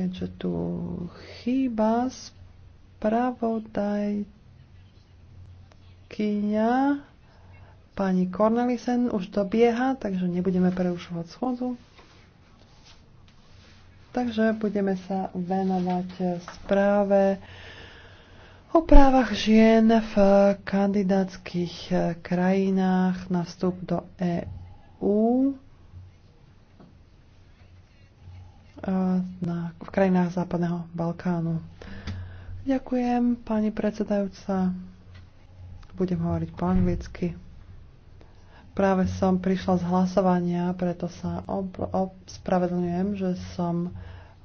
keďže tu chýba spravodajkyňa pani Cornelisen už dobieha, takže nebudeme prerušovať schodu. Takže budeme sa venovať správe o právach žien v kandidátskych krajinách na vstup do EÚ. na, v krajinách Západného Balkánu. Ďakujem, pani predsedajúca. Budem hovoriť po anglicky. Práve som prišla z hlasovania, preto sa ospravedlňujem, že som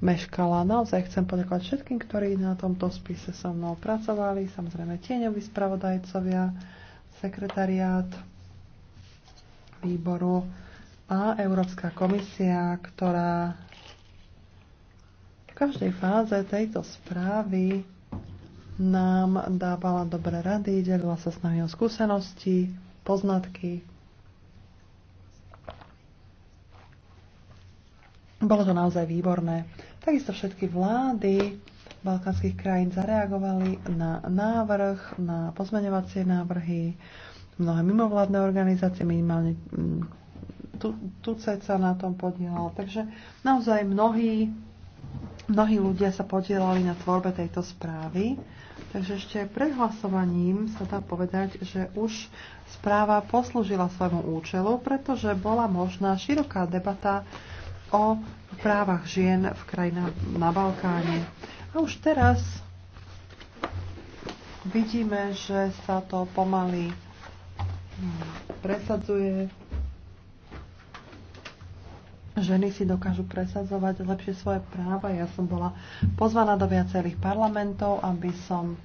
meškala. Naozaj chcem poďakovať všetkým, ktorí na tomto spise so mnou pracovali, samozrejme tieňoví spravodajcovia, sekretariát výboru a Európska komisia, ktorá každej fáze tejto správy nám dávala dobré rady, delila sa s nami o skúsenosti, poznatky. Bolo to naozaj výborné. Takisto všetky vlády balkánskych krajín zareagovali na návrh, na pozmeňovacie návrhy. Mnohé mimovládne organizácie, minimálne mm, tu, tu ceca na tom podielal. Takže naozaj mnohí Mnohí ľudia sa podielali na tvorbe tejto správy, takže ešte pred hlasovaním sa dá povedať, že už správa poslúžila svojmu účelu, pretože bola možná široká debata o právach žien v krajinách na Balkáne. A už teraz vidíme, že sa to pomaly presadzuje ženy si dokážu presadzovať lepšie svoje práva. Ja som bola pozvaná do viacerých parlamentov, aby som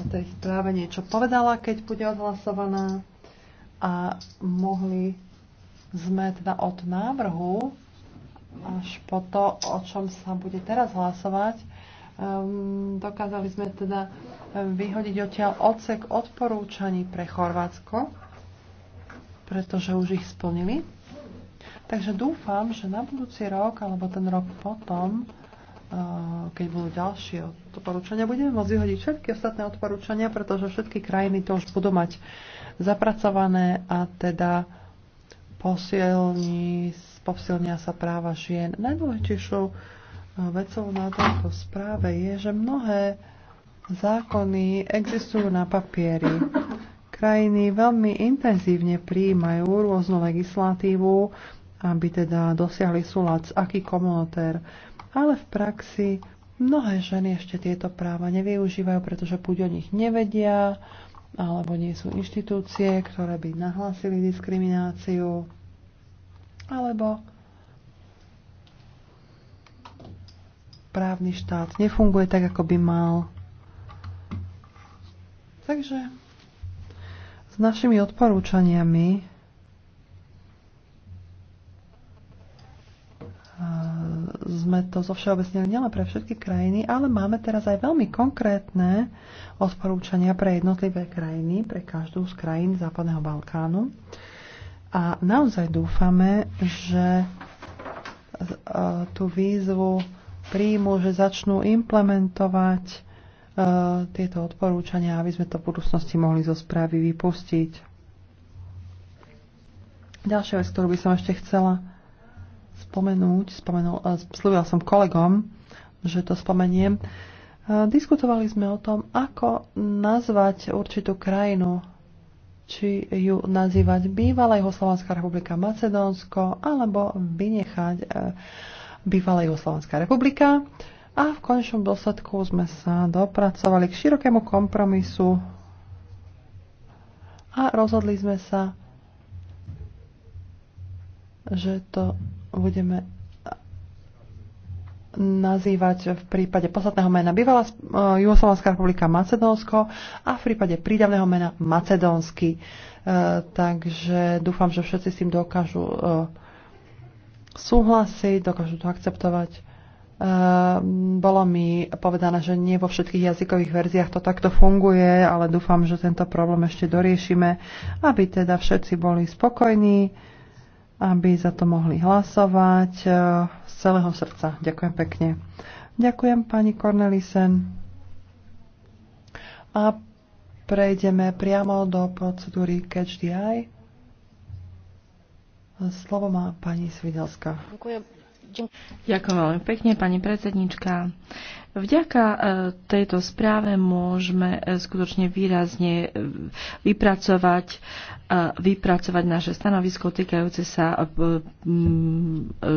o tej správe niečo povedala, keď bude odhlasovaná. A mohli sme teda od návrhu až po to, o čom sa bude teraz hlasovať, um, dokázali sme teda um, vyhodiť odtiaľ odsek odporúčaní pre Chorvátsko, pretože už ich splnili. Takže dúfam, že na budúci rok alebo ten rok potom, e, keď budú ďalšie odporúčania, budeme môcť vyhodiť všetky ostatné odporúčania, pretože všetky krajiny to už budú mať zapracované a teda posilní, posilnia sa práva žien. Najdôležitejšou e, vecou na tejto správe je, že mnohé zákony existujú na papieri. Krajiny veľmi intenzívne príjmajú rôznu legislatívu, aby teda dosiahli súlad s aký komunotér. Ale v praxi mnohé ženy ešte tieto práva nevyužívajú, pretože buď o nich nevedia, alebo nie sú inštitúcie, ktoré by nahlásili diskrimináciu, alebo právny štát nefunguje tak, ako by mal. Takže s našimi odporúčaniami sme to zo všeobecnili nielen pre všetky krajiny, ale máme teraz aj veľmi konkrétne odporúčania pre jednotlivé krajiny, pre každú z krajín Západného Balkánu. A naozaj dúfame, že e, tú výzvu príjmu, že začnú implementovať e, tieto odporúčania, aby sme to v budúcnosti mohli zo správy vypustiť. Ďalšia vec, ktorú by som ešte chcela spomenúť, spomenul, eh, slúbila som kolegom, že to spomeniem. Eh, diskutovali sme o tom, ako nazvať určitú krajinu, či ju nazývať bývalá Juhoslovanská republika Macedónsko, alebo vynechať eh, bývalá Juhoslovanská republika. A v končnom dôsledku sme sa dopracovali k širokému kompromisu a rozhodli sme sa, že to budeme nazývať v prípade posledného mena bývalá eh, Jugoslovanská republika Macedónsko a v prípade prídavného mena Macedónsky. Eh, takže dúfam, že všetci s tým dokážu eh, súhlasiť, dokážu to akceptovať. bolo mi povedané, že nie vo všetkých jazykových verziách to takto funguje, ale dúfam, že tento problém ešte doriešime, aby teda všetci boli spokojní aby za to mohli hlasovať eh, z celého srdca. Ďakujem pekne. Ďakujem pani Cornelisen. A prejdeme priamo do procedúry Catch the Eye. Slovo má pani Svidelská. Ďakujem Ďakujem veľmi pekne, pani predsednička. Vďaka e, tejto správe môžeme e, skutočne výrazne e, vypracovať, vypracovať naše stanovisko týkajúce sa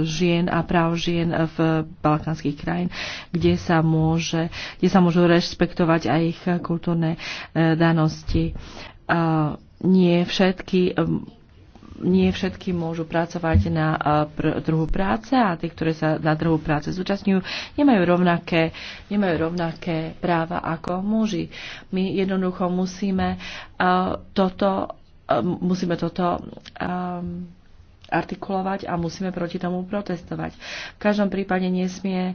žien a práv žien v balkánskych krajín, kde sa, môže, kde sa môžu rešpektovať aj ich kultúrne danosti. Nie všetky nie všetky môžu pracovať na eh, pr- trhu práce a tí, ktorí sa na druhu práce zúčastňujú, nemajú rovnaké, nemajú rovnaké práva ako muži. My jednoducho musíme uh, toto, uh, musíme toto um, artikulovať a musíme proti tomu protestovať. V každom prípade nesmie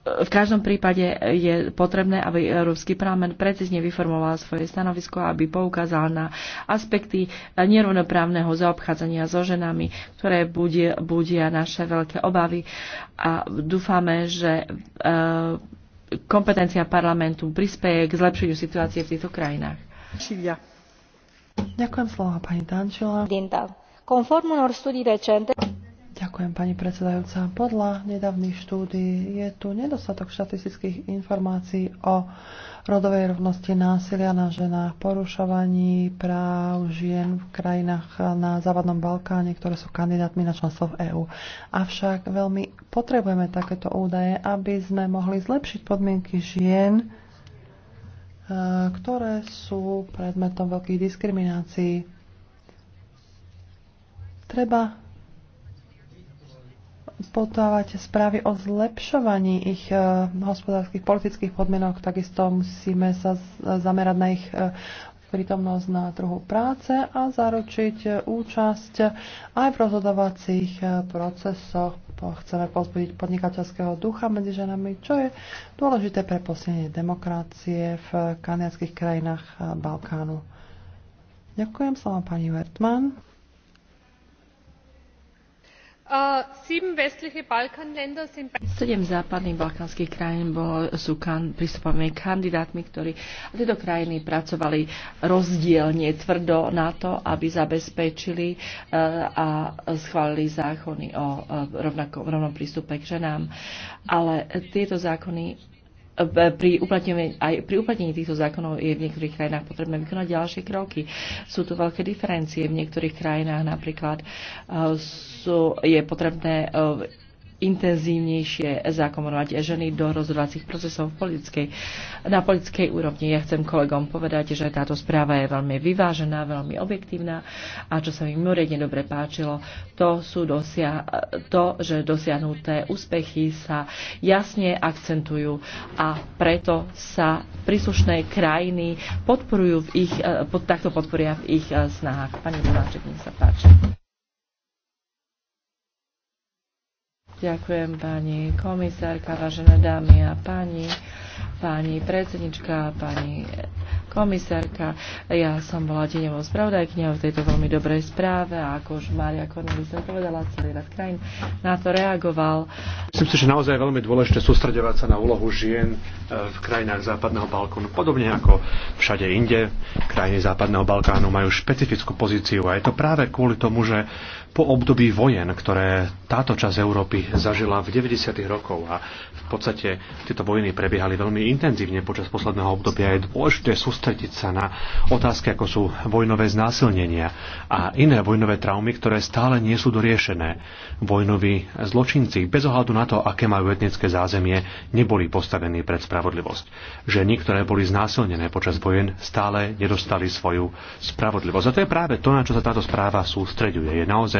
v každom prípade je potrebné, aby Európsky parlament precízne vyformoval svoje stanovisko, aby poukázal na aspekty nerovnoprávneho zaobchádzania so ženami, ktoré budia, budia naše veľké obavy a dúfame, že e, kompetencia parlamentu prispieje k zlepšeniu situácie v týchto krajinách. Silvia. Ďakujem slova pani Dančila. Conform unor studii recente... Ďakujem, pani predsedajúca. Podľa nedávnych štúdí je tu nedostatok štatistických informácií o rodovej rovnosti násilia na ženách, porušovaní práv žien v krajinách na Západnom Balkáne, ktoré sú kandidátmi na členstvo v EÚ. Avšak veľmi potrebujeme takéto údaje, aby sme mohli zlepšiť podmienky žien, e, ktoré sú predmetom veľkých diskriminácií. Treba podávate správy o zlepšovaní ich eh, hospodárskych, politických podmienok. Takisto musíme sa zamerať na ich eh, prítomnosť na trhu práce a zaručiť eh, účasť aj v rozhodovacích procesoch. Chceme pozbudiť podnikateľského ducha medzi ženami, čo je dôležité pre posilnenie demokracie v kanadských krajinách Balkánu. Ďakujem, slova pani Wertmann. Äh, Sedem západných balkánskych krajín sú prístupovými kandidátmi, ktorí tieto krajiny pracovali rozdielne tvrdo na to, aby zabezpečili äh, a schválili zákony o äh, rovnakom, rovnom prístupe k ženám. Ale tieto zákony pri uplatnení, aj pri uplatnení týchto zákonov je v niektorých krajinách potrebné vykonať ďalšie kroky. Sú tu veľké diferencie. V niektorých krajinách napríklad eh, sú, je potrebné eh, intenzívnejšie zakomorovať ženy do rozhodovacích procesov v politickej, na politickej úrovni. Ja chcem kolegom povedať, že táto správa je veľmi vyvážená, veľmi objektívna a čo sa mi mimoriadne dobre páčilo, to, sú dosia- to, že dosiahnuté úspechy sa jasne akcentujú a preto sa príslušné krajiny podporujú v ich, eh, pod, takto podporia v ich eh, snahách. Pani Dunáček, nech sa páči. Ďakujem pani komisárka, vážené dámy a páni, pani predsednička, pani komisárka. Ja som bola deňovou spravodajkňou v tejto veľmi dobrej správe a ako už Mária Kornelisa povedala, celý rad krajín na to reagoval. Myslím si, že naozaj je veľmi dôležité sústredovať sa na úlohu žien e, v krajinách Západného Balkánu. Podobne ako všade inde, krajiny Západného Balkánu majú špecifickú pozíciu a je to práve kvôli tomu, že po období vojen, ktoré táto časť Európy zažila v 90. rokov a v podstate tieto vojny prebiehali veľmi intenzívne počas posledného obdobia, je dôležité sústrediť sa na otázky, ako sú vojnové znásilnenia a iné vojnové traumy, ktoré stále nie sú doriešené. Vojnoví zločinci, bez ohľadu na to, aké majú etnické zázemie, neboli postavení pred spravodlivosť. Ženy, ktoré boli znásilnené počas vojen, stále nedostali svoju spravodlivosť. A to je práve to, na čo sa táto správa sústreďuje. Je naozaj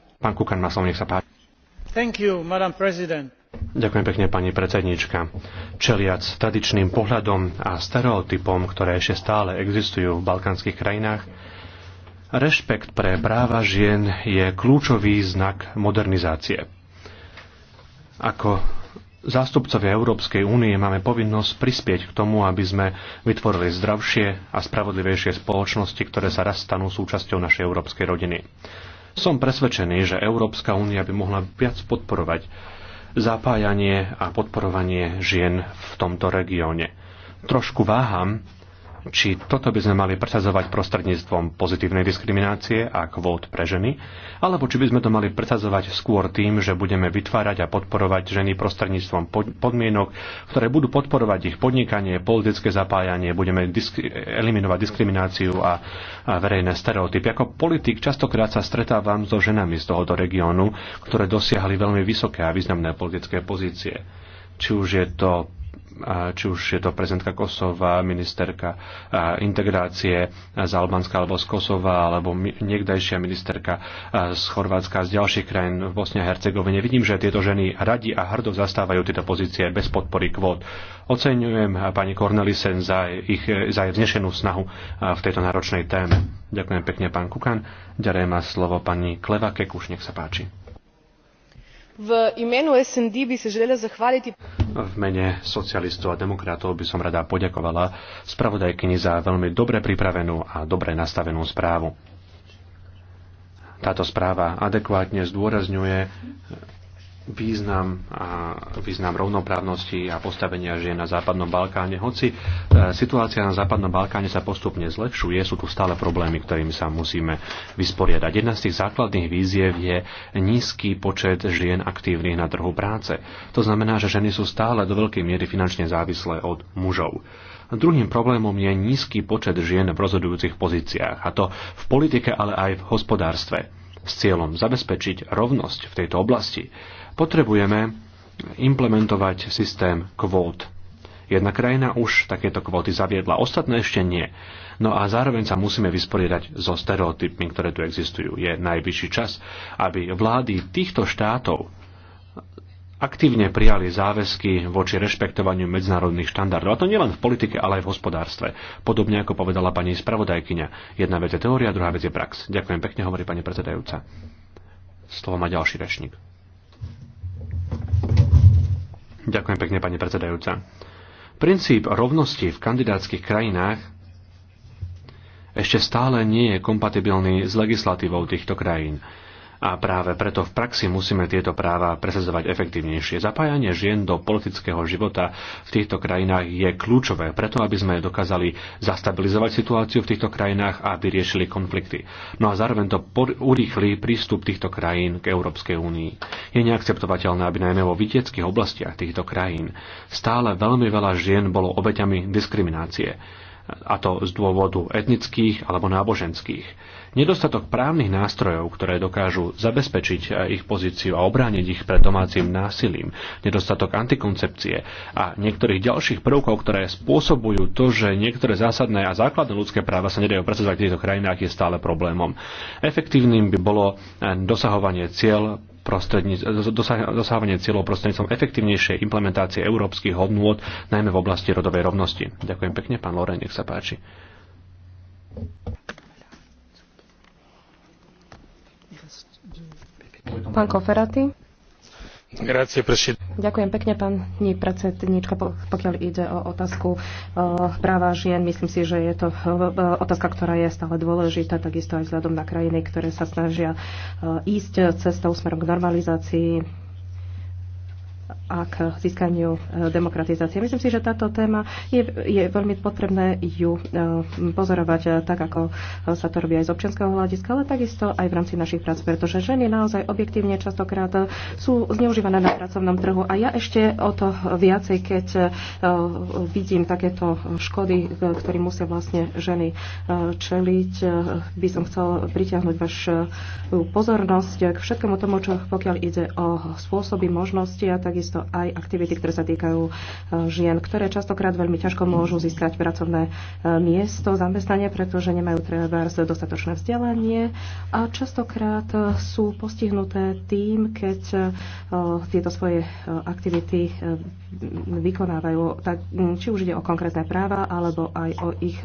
Pán Kukan má slovo, nech sa páči. Thank you, Madam President. Ďakujem pekne, pani predsednička. Čeliac tradičným pohľadom a stereotypom, ktoré ešte stále existujú v balkánskych krajinách, rešpekt pre práva žien je kľúčový znak modernizácie. Ako zástupcovia Európskej únie máme povinnosť prispieť k tomu, aby sme vytvorili zdravšie a spravodlivejšie spoločnosti, ktoré sa raz stanú súčasťou našej európskej rodiny. Som presvedčený, že Európska únia by mohla viac podporovať zapájanie a podporovanie žien v tomto regióne. Trošku váham, či toto by sme mali presadzovať prostredníctvom pozitívnej diskriminácie a kvót pre ženy, alebo či by sme to mali presadzovať skôr tým, že budeme vytvárať a podporovať ženy prostredníctvom podmienok, ktoré budú podporovať ich podnikanie, politické zapájanie, budeme disk- eliminovať diskrimináciu a, a verejné stereotypy. Ako politik častokrát sa stretávam so ženami z tohoto regiónu, ktoré dosiahli veľmi vysoké a významné politické pozície či už je to či už je to prezidentka Kosova, ministerka integrácie z Albánska alebo z Kosova, alebo niekdajšia ministerka z Chorvátska, z ďalších krajín v Bosne a Hercegovine. Vidím, že tieto ženy radi a hrdo zastávajú tieto pozície bez podpory kvót. Oceňujem pani Cornelisen za, ich, za jej vznešenú snahu v tejto náročnej téme. Ďakujem pekne, pán Kukan. Ďakujem má slovo pani Kleva Kekuš, nech sa páči. V imenu SND by sa želela zahvaliti... V mene socialistov a demokratov by som rada poďakovala spravodajkyni za veľmi dobre pripravenú a dobre nastavenú správu. Táto správa adekvátne zdôrazňuje význam, a význam rovnoprávnosti a postavenia žien na Západnom Balkáne. Hoci e, situácia na Západnom Balkáne sa postupne zlepšuje, sú tu stále problémy, ktorými sa musíme vysporiadať. Jedna z tých základných víziev je nízky počet žien aktívnych na trhu práce. To znamená, že ženy sú stále do veľkej miery finančne závislé od mužov. Druhým problémom je nízky počet žien v rozhodujúcich pozíciách, a to v politike, ale aj v hospodárstve s cieľom zabezpečiť rovnosť v tejto oblasti Potrebujeme implementovať systém kvót. Jedna krajina už takéto kvóty zaviedla, ostatné ešte nie. No a zároveň sa musíme vysporiadať so stereotypmi, ktoré tu existujú. Je najvyšší čas, aby vlády týchto štátov aktívne prijali záväzky voči rešpektovaniu medzinárodných štandardov. A to nielen v politike, ale aj v hospodárstve. Podobne ako povedala pani spravodajkyňa. Jedna vec je teória, druhá vec je prax. Ďakujem pekne, hovorí pani predsedajúca. Slovo má ďalší rečník. Ďakujem pekne, pani predsedajúca. Princíp rovnosti v kandidátskych krajinách ešte stále nie je kompatibilný s legislatívou týchto krajín a práve preto v praxi musíme tieto práva presadzovať efektívnejšie. Zapájanie žien do politického života v týchto krajinách je kľúčové preto, aby sme dokázali zastabilizovať situáciu v týchto krajinách a vyriešili konflikty. No a zároveň to urýchli prístup týchto krajín k Európskej únii. Je neakceptovateľné, aby najmä vo vidieckých oblastiach týchto krajín stále veľmi veľa žien bolo obeťami diskriminácie a to z dôvodu etnických alebo náboženských. Nedostatok právnych nástrojov, ktoré dokážu zabezpečiť eh, ich pozíciu a obrániť ich pred domácim násilím, nedostatok antikoncepcie a niektorých ďalších prvkov, ktoré spôsobujú to, že niektoré zásadné a základné ľudské práva sa nedajú presadzovať v týchto krajinách, je stále problémom. Efektívnym by bolo eh, dosahovanie cieľ dosahovanie cieľov prostredníctvom efektívnejšej implementácie európskych hodnôt, najmä v oblasti rodovej rovnosti. Ďakujem pekne, pán Loren, nech sa páči. Pán Koferati. Ďakujem pekne, pani predsednička. Pokiaľ ide o otázku práva žien, myslím si, že je to otázka, ktorá je stále dôležitá, takisto aj vzhľadom na krajiny, ktoré sa snažia ísť cestou smerom k normalizácii a k získaniu e, demokratizácie. Myslím si, že táto téma je, je veľmi potrebné ju e, pozorovať e, tak, ako sa to robí aj z občianského hľadiska, ale takisto aj v rámci našich prác, pretože ženy naozaj objektívne častokrát sú zneužívané na pracovnom trhu a ja ešte o to viacej, keď vidím takéto škody, ktorým musia vlastne ženy čeliť, by som chcel pritiahnuť vašu pozornosť k všetkému tomu, čo pokiaľ ide o spôsoby, možnosti a takisto takisto aj aktivity, ktoré sa týkajú e, žien, ktoré častokrát veľmi ťažko môžu získať pracovné e, miesto, zamestnanie, pretože nemajú treba dostatočné vzdelanie a častokrát e, sú postihnuté tým, keď tieto svoje aktivity vykonávajú, tak, či už ide o konkrétne práva alebo aj o ich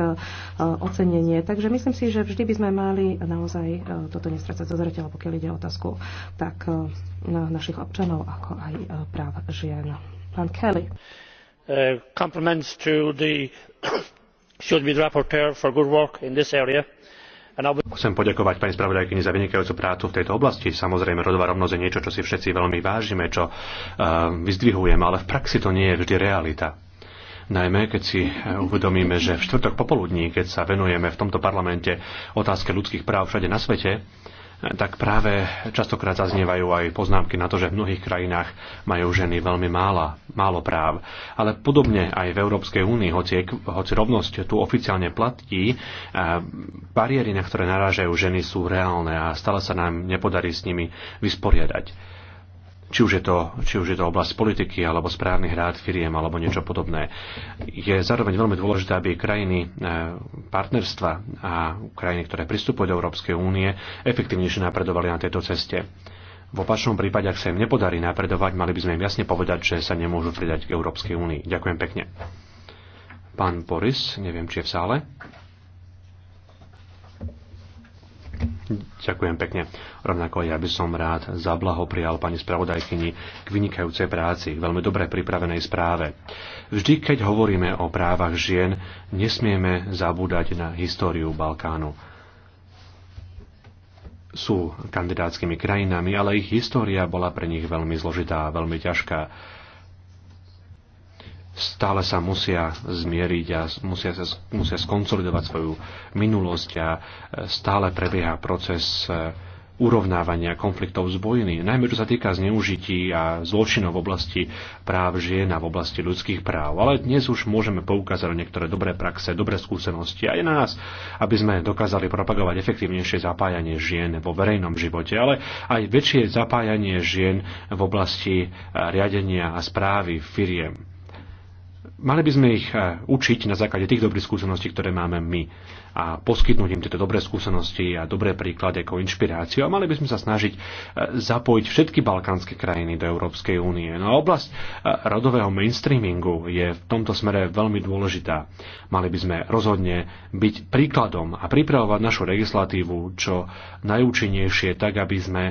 ocenenie. Takže myslím si, že vždy by sme mali naozaj toto nestrácať zo zreteľa, pokiaľ ide o otázku tak na našich občanov, ako aj práv žien. Pán Kelly. Uh, compliments to the should be the rapporteur for good work in this area. Chcem poďakovať pani spravodajkyni za vynikajúcu prácu v tejto oblasti. Samozrejme, rodová rovnosť je niečo, čo si všetci veľmi vážime, čo uh, vyzdvihujeme, ale v praxi to nie je vždy realita. Najmä, keď si uh, uvedomíme, že v štvrtok popoludní, keď sa venujeme v tomto parlamente otázke ľudských práv všade na svete, uh, tak práve častokrát zaznievajú aj poznámky na to, že v mnohých krajinách majú ženy veľmi mála, málo práv. Ale podobne aj v Európskej únii, hoci, hoci rovnosť tu oficiálne platí, e, bariéry, na ktoré narážajú ženy, sú reálne a stále sa nám nepodarí s nimi vysporiadať či už, je to, či už je to oblasť politiky, alebo správnych rád firiem, alebo niečo podobné. Je zároveň veľmi dôležité, aby krajiny e, partnerstva a krajiny, ktoré pristupujú do Európskej únie, efektívnejšie napredovali na tejto ceste. V opačnom prípade, ak sa im nepodarí napredovať, mali by sme im jasne povedať, že sa nemôžu pridať k Európskej únii. Ďakujem pekne. Pán Boris, neviem, či je v sále. Ďakujem pekne. Rovnako ja by som rád zablahoprial pani spravodajkyni k vynikajúcej práci, k veľmi dobre pripravenej správe. Vždy, keď hovoríme o právach žien, nesmieme zabúdať na históriu Balkánu. Sú kandidátskymi krajinami, ale ich história bola pre nich veľmi zložitá, veľmi ťažká stále sa musia zmieriť a musia, sa, musia skonsolidovať svoju minulosť a e, stále prebieha proces e, urovnávania konfliktov z vojny, najmä čo sa týka zneužití a zločinov v oblasti práv žien a v oblasti ľudských práv. Ale dnes už môžeme poukázať niektoré dobré praxe, dobré skúsenosti aj na nás, aby sme dokázali propagovať efektívnejšie zapájanie žien vo verejnom živote, ale aj väčšie zapájanie žien v oblasti e, riadenia a správy firiem. Mali by sme ich e, učiť na základe tých dobrých skúseností, ktoré máme my a poskytnúť im tieto dobré skúsenosti a dobré príklady ako inšpiráciu a mali by sme sa snažiť e, zapojiť všetky balkánske krajiny do Európskej únie. No a oblasť e, rodového mainstreamingu je v tomto smere veľmi dôležitá. Mali by sme rozhodne byť príkladom a pripravovať našu legislatívu čo najúčinnejšie, tak aby sme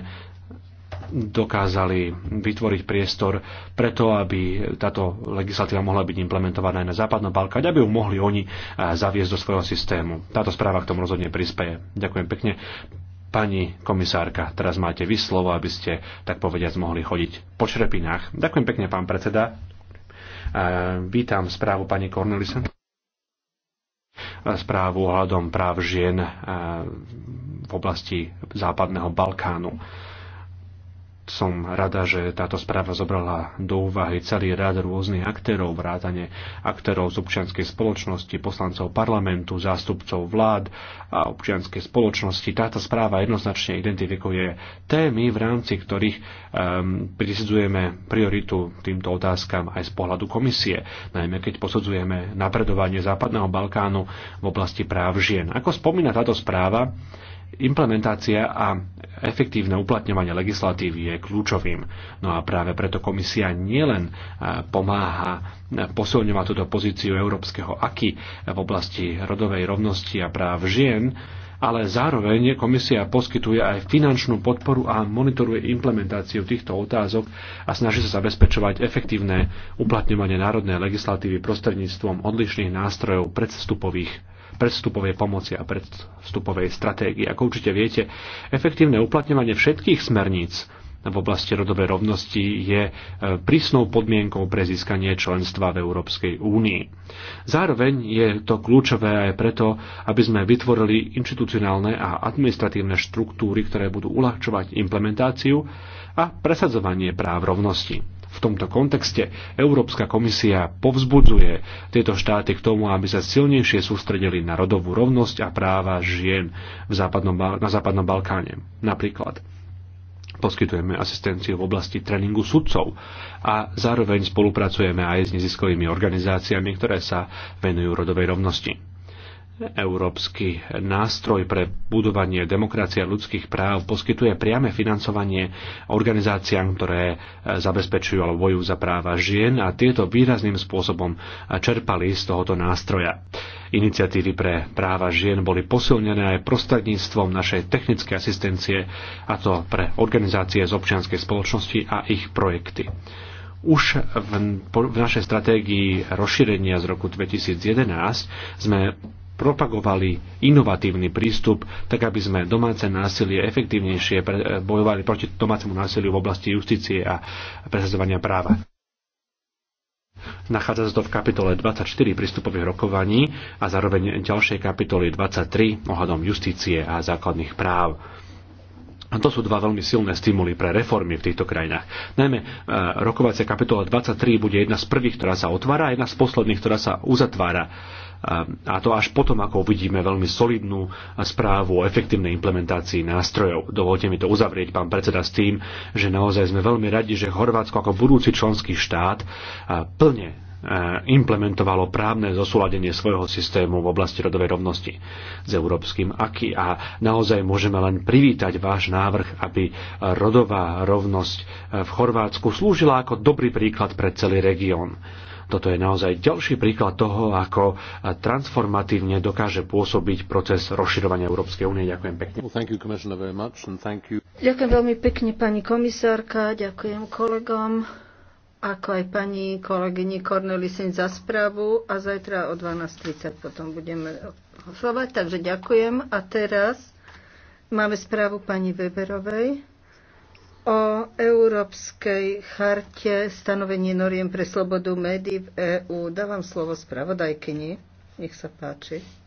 dokázali vytvoriť priestor preto, aby táto legislatíva mohla byť implementovaná aj na Západnom Balkáne, aby ju mohli oni eh, zaviesť do svojho systému. Táto správa k tomu rozhodne prispieje. Ďakujem pekne. Pani komisárka, teraz máte vy slovo, aby ste, tak povediať, mohli chodiť po črepinách. Ďakujem pekne, pán predseda. Eh, vítam správu pani Cornelisen správu ohľadom práv žien eh, v oblasti Západného Balkánu som rada, že táto správa zobrala do úvahy celý rad rôznych aktérov, vrátane aktérov z občianskej spoločnosti, poslancov parlamentu, zástupcov vlád a občianskej spoločnosti. Táto správa jednoznačne identifikuje témy, v rámci ktorých um, ehm, prisudzujeme prioritu týmto otázkam aj z pohľadu komisie, najmä keď posudzujeme napredovanie Západného Balkánu v oblasti práv žien. Ako spomína táto správa, Implementácia a efektívne uplatňovanie legislatívy je kľúčovým. No a práve preto komisia nielen e, pomáha e, posilňovať túto pozíciu európskeho aky v oblasti rodovej rovnosti a práv žien, ale zároveň komisia poskytuje aj finančnú podporu a monitoruje implementáciu týchto otázok a snaží sa zabezpečovať efektívne uplatňovanie národnej legislatívy prostredníctvom odlišných nástrojov predstupových predstupovej pomoci a predstupovej stratégie. Ako určite viete, efektívne uplatňovanie všetkých smerníc v oblasti rodovej rovnosti je e, prísnou podmienkou pre získanie členstva v Európskej únii. Zároveň je to kľúčové aj preto, aby sme vytvorili inštitucionálne a administratívne štruktúry, ktoré budú uľahčovať implementáciu a presadzovanie práv rovnosti. V tomto kontexte Európska komisia povzbudzuje tieto štáty k tomu, aby sa silnejšie sústredili na rodovú rovnosť a práva žien v západnom, na Západnom Balkáne. Napríklad Poskytujeme asistenciu v oblasti tréningu sudcov a zároveň spolupracujeme aj s neziskovými organizáciami, ktoré sa venujú rodovej rovnosti. Európsky nástroj pre budovanie demokracie a ľudských práv poskytuje priame financovanie organizáciám, ktoré e, zabezpečujú alebo bojujú za práva žien a tieto výrazným spôsobom e, čerpali z tohoto nástroja. Iniciatívy pre práva žien boli posilnené aj prostredníctvom našej technickej asistencie, a to pre organizácie z občianskej spoločnosti a ich projekty. Už v, v našej stratégii rozšírenia z roku 2011 sme propagovali inovatívny prístup, tak aby sme domáce násilie efektívnejšie eh, bojovali proti domácemu násiliu v oblasti justície a presadzovania práva. Nachádza sa to v kapitole 24 prístupových rokovaní a zároveň ďalšej kapitoly 23 ohľadom justície a základných práv. A to sú dva veľmi silné stimuly pre reformy v týchto krajinách. Najmä eh, rokovacia kapitola 23 bude jedna z prvých, ktorá sa otvára a jedna z posledných, ktorá sa uzatvára a to až potom, ako uvidíme veľmi solidnú správu o efektívnej implementácii nástrojov. Dovolte mi to uzavrieť, pán predseda, s tým, že naozaj sme veľmi radi, že Chorvátsko ako budúci členský štát plne implementovalo právne zosúladenie svojho systému v oblasti rodovej rovnosti s európskym aký a naozaj môžeme len privítať váš návrh, aby rodová rovnosť v Chorvátsku slúžila ako dobrý príklad pre celý región. Toto je naozaj ďalší príklad toho, ako transformatívne dokáže pôsobiť proces rozširovania Európskej únie. Ďakujem pekne. Ďakujem veľmi pekne pani komisárka, ďakujem kolegom ako aj pani kolegyni Kornelisin za správu a zajtra o 12.30 potom budeme hlasovať. Takže ďakujem a teraz máme správu pani Weberovej o Európskej charte stanovenie noriem pre slobodu médií v EÚ. Dávam slovo spravodajkyni. Nech sa páči.